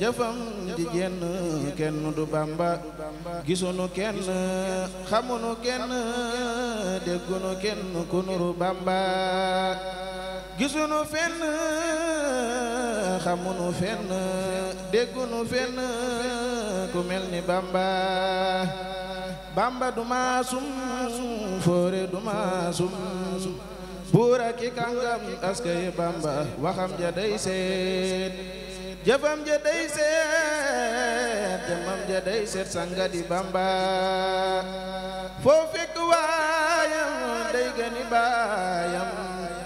jëfam di jenn kenn du bamba gisunu kenn xamunu kenn déggunu kenn ku nuru bamba gisunu fenn xamunu fenn déggunu fenn ku mel ni bamba bamba du maasum foore du maasum buura ki kàngam aska yi bamba waxam ja day seet jëfam ja day seet jëfam ja day seet sanga di bamba foo waayam day gëni baayam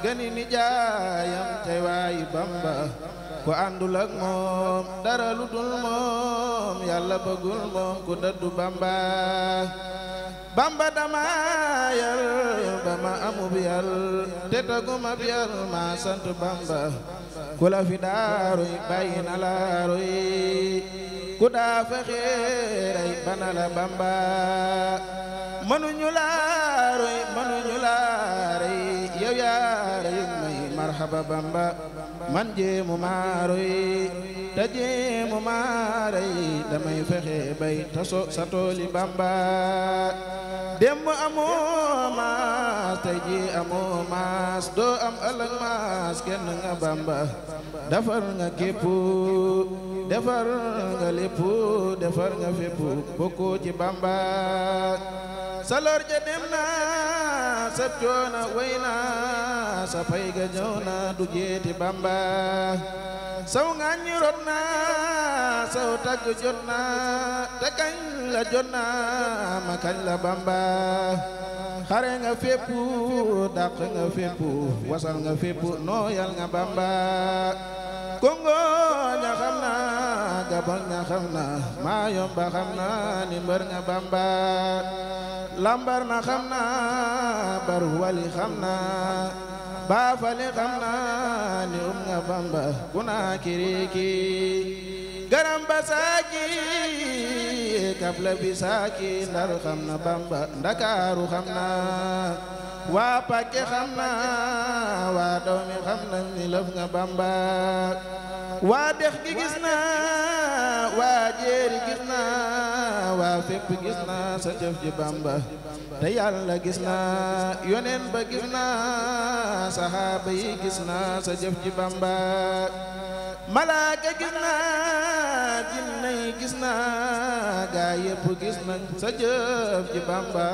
gëni nijaayam te waayi bamba ku àndul moom dara lu moom yàlla bëggul moom ku dëddu bamba bamba dama yar ma amub yar te taguma bi ma sant bamba ku la fi daaruy bàyyi ku daa fexeeray bana bamba mënuñu laaruy mënuñu laaruy yow yaaruy marhaba bamba man jéemu maaroy te jéemu maaray damay fexe bay taso sa bamba démb amoo maas tey ji maas doo am ëllëg maas kenn nga bamba defar nga képp defar nga lépp defar nga fépp bokkoo bamba saloor ja dem sa coono wey naa ga ñëw naa du jeeti Bamba saw ngaañ rot naa saw tagg jot naa la jot ma kañ la Bamba xare nga fépp dàq nga fépp wasal nga fépp nooyal nga Bamba Kongo ña xam naa Gabon ña xam yomba xam naa ni mbër nga Bamba lambar na xam naa bar wali xam naa baafali xam naa ni um nga bamba ku naa kiriki garam ba saaki kabla saaki ndar xam na bamba ndakaaru xam naa waa pakke xam naa waa doomi xam na ni lëf nga bamba waa dex gi gis naa waa jéeri gis naa waa fépp gis naa sa jëf ji bamba te yàlla gis naa yoneen ba gis naa saxaaba yi gis naa sa jëf ji bamba malaaka gis naa jinne yi gis naa gaa yépp gis na sa jëf ji bamba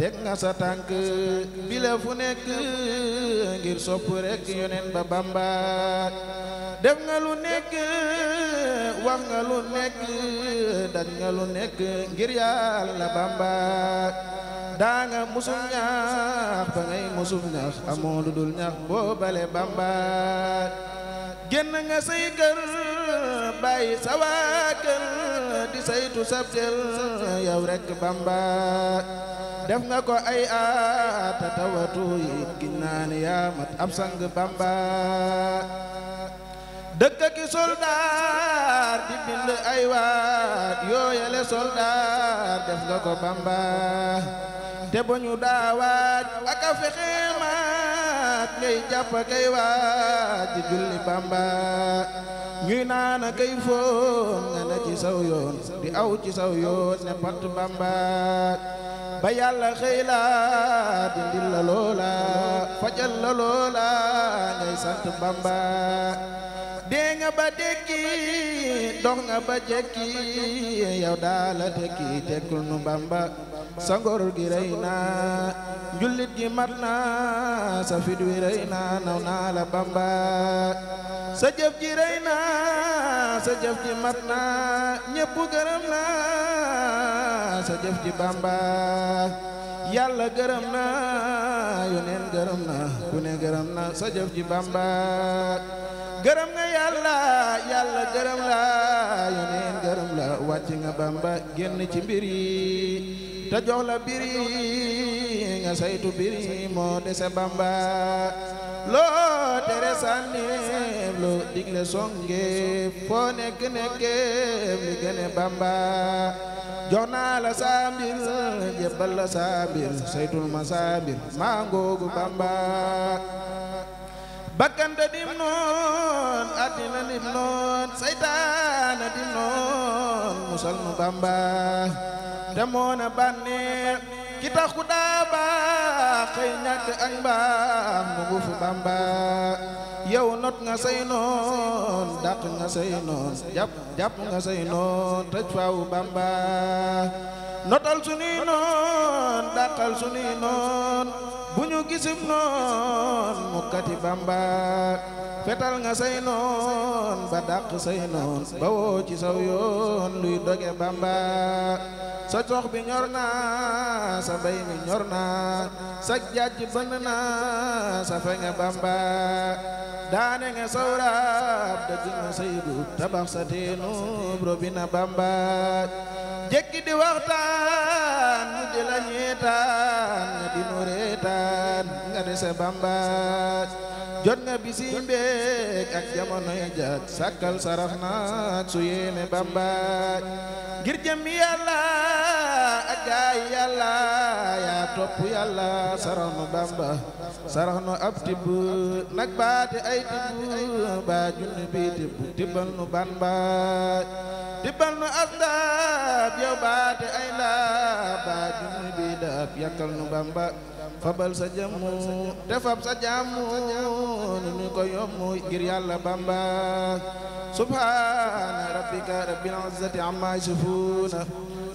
teg nga sa tànk bile fu nekk ngir sopp rekk yoneen ba Bamba def nga lu nekk wax nga lu nekk daj nga lu nekk ngir yàlla Bamba daa nga musum ñaax ba ngay musum ñaax amoo lu dul ñaax boobale Bamba génn nga say kër bàyyi sa waa kër di saytu sab cel rekk Bamba def nga ko ay aata tawatu yit giñ naa ni ab sang bamba dëkk ki soldaar di bind ay waat yooyale soldaar def nga ko bamba te ba ñu daawaaj ak a fexe ngay jàpp kay waaj di julli bamba ñuy naan kay nga ne ci saw di aw ci saw yoon pat bamba ba yàlla xëy la dindil la loola fajal la sant Bamba dee nga ba dekki dox ba jekki yow daala tekki tekkul nu Bamba sa ngor gi rey naa njullit gi mat naa sa fit rey naa naw naa la bamba sa jëf ji rey naa sa jëf ji mat naa ñépp gërëm naa sa jëf ji bamba yàlla gërëm naa yoneen gërëm na ku gërëm na sa jëf ji bamba gërëm nga yàlla yàlla gërëm la yoneen gërëm la wàcc nga bamba génn ci mbir te jox biri nga saytu biri moo dese bamba loo tere sànneef loo digle songeef foo nekk nekkeef li gëne bamba jox naa la saa saytul ma saa mbir maa bakkante dim noon àddina dim noon saytaana dim noon musal nu bamba te moona bànneex ki tax ku daa baax xëy ñàkk ak mbaam mu gufu Bàmba yow not nga say noon dàq nga say noon jàpp jàpp nga say noon tëj faaw Bàmba notal sunuy noon dàqal sunuy noon bu gisib noon mukkati Bàmba fetal nga say noon ba dàq say noon ba woo ci saw luy doge Bàmba sa tox bi ñor na sa mbay mi ñor na sa jaaj bënn na sa fe nga bamba daane nga sawraab dëgg nga saydu tabax sa teenub robina bamba jekki di waxtaan mu di la ñeetaan nga di nu reetaan nga dese bamba jot nga bisi mbeek ak jamonoy jaag sàkkal sarax naak su yéene bambaaj ngir jëm yàlla ak gaay yàlla yaa topp yàlla sarax nu bamba sarax nu ab tibb nag baate ay tibb baa junni bii tibb tibbal nu bambaaj tibbal nu asdaab yow baate ay laa baa junni bii daab yàkkal nu bamba fabal sa jàmm te fab sa jàmm nu ñu ko yomb ngir yàlla bamba subhaana rabbika rabbil izzati amma yasifuuna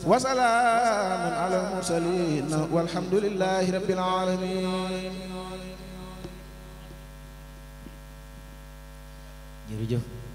wa salaamun ala al mursaliin walhamdulillahi rabbil aalamiin jërëjëf